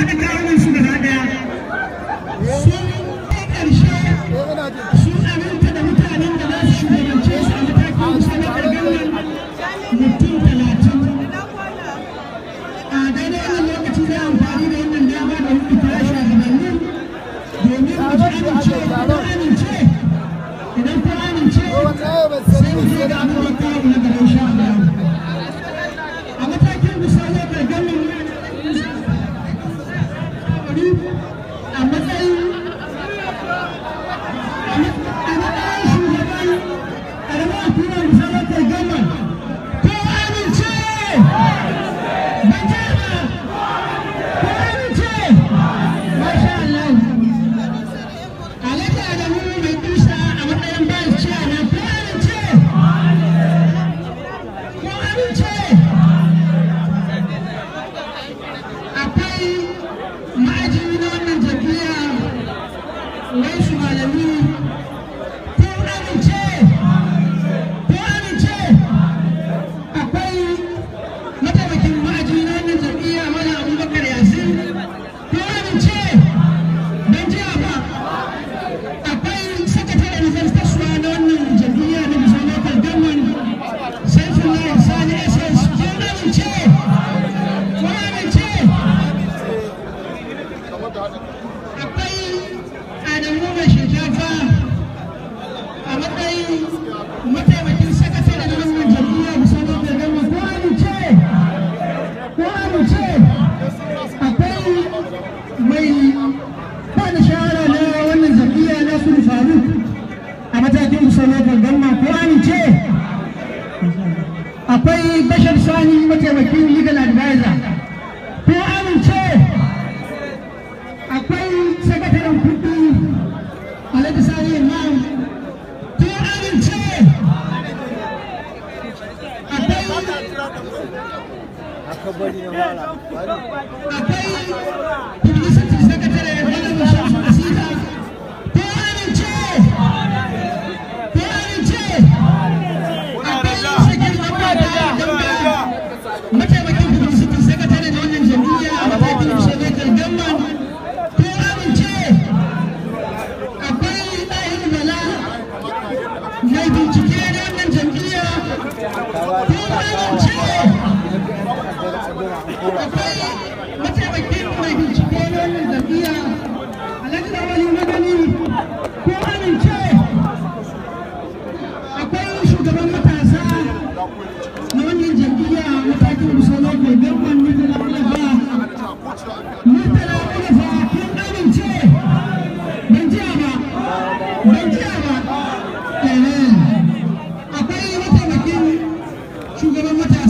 haɗa kawunan da mutanen da a matakin kusa a da da da Sani mataimakin legal advisor ko amince akwai sakataren kudi alhaji sani imam ko amince akwai No shugaban wata.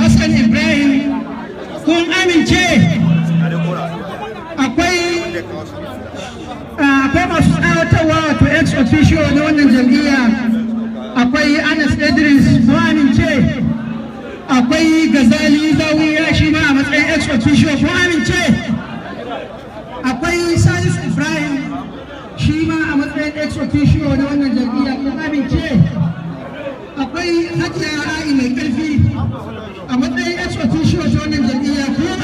Hassan Ibrahim kun amince akwai akwai masu tsawatarwa wato ex officio na wannan jam'iyya akwai Anas Idris kun amince akwai Gazali Zawiya shi ma a matsayin ex officio kun amince akwai Salis Ibrahim shi ma a matsayin ex officio na wannan jam'iyya kun amince akwai hajiya ra'i mai karfi a matsayin ex officio ta wannan jam'iyya kuma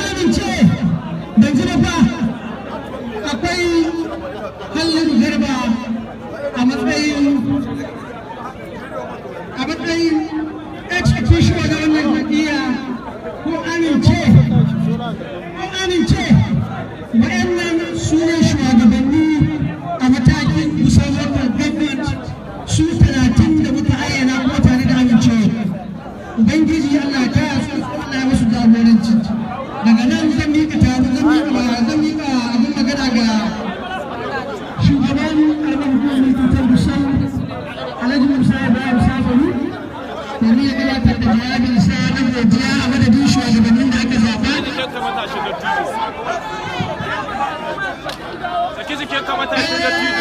ɗauka matakin da tido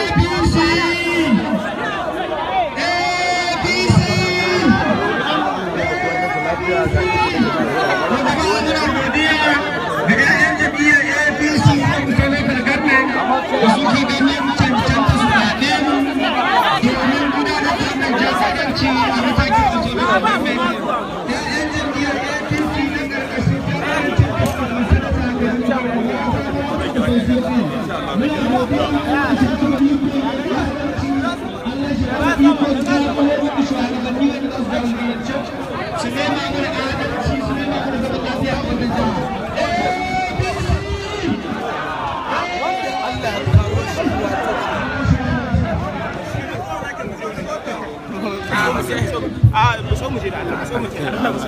Ah, so mu je da Allah, so mu je da Allah.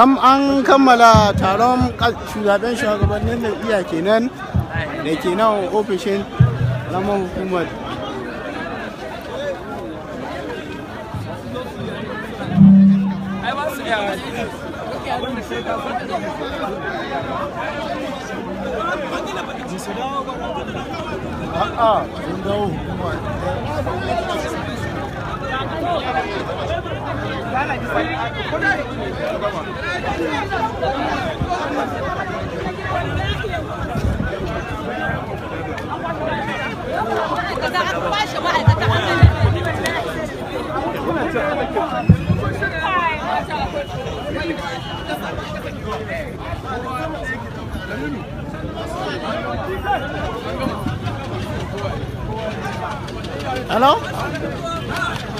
kam an kammala taron shugaban shugabannin iya kenan da ke nan ofishin lamar hukumar Ah, ah, hukumar Hello?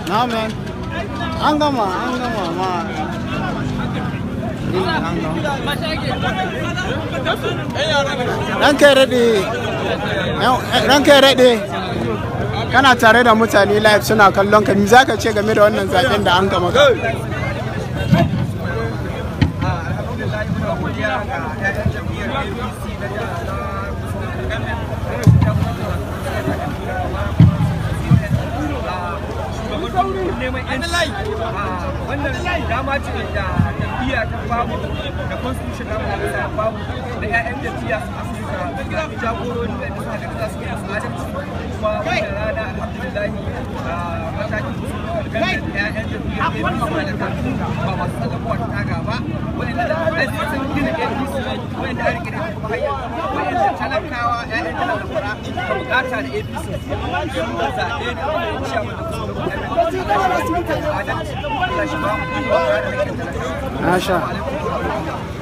No, man. an gama an gama ma ranka eh, kana tare da mutane live suna kallon ka za ka ce game da wannan zaben da an gama ka alhamdulillah neman yanci ah, wannan dama ce da jam'iyya ta babu da constitution na mu ta babu da ƴaƴan jam'iyya su asusa da jagorori da suka da za su yi kuma wannan rana alhamdulillahi ah, matakin su ba malaka masu ba wanda da sun gina ƴan wanda da rike da talakawa ƴaƴan jihar Zamfara bukata da APC su mu zaɓe da kuma wuce mu da su da adalci Allah shi ba mu da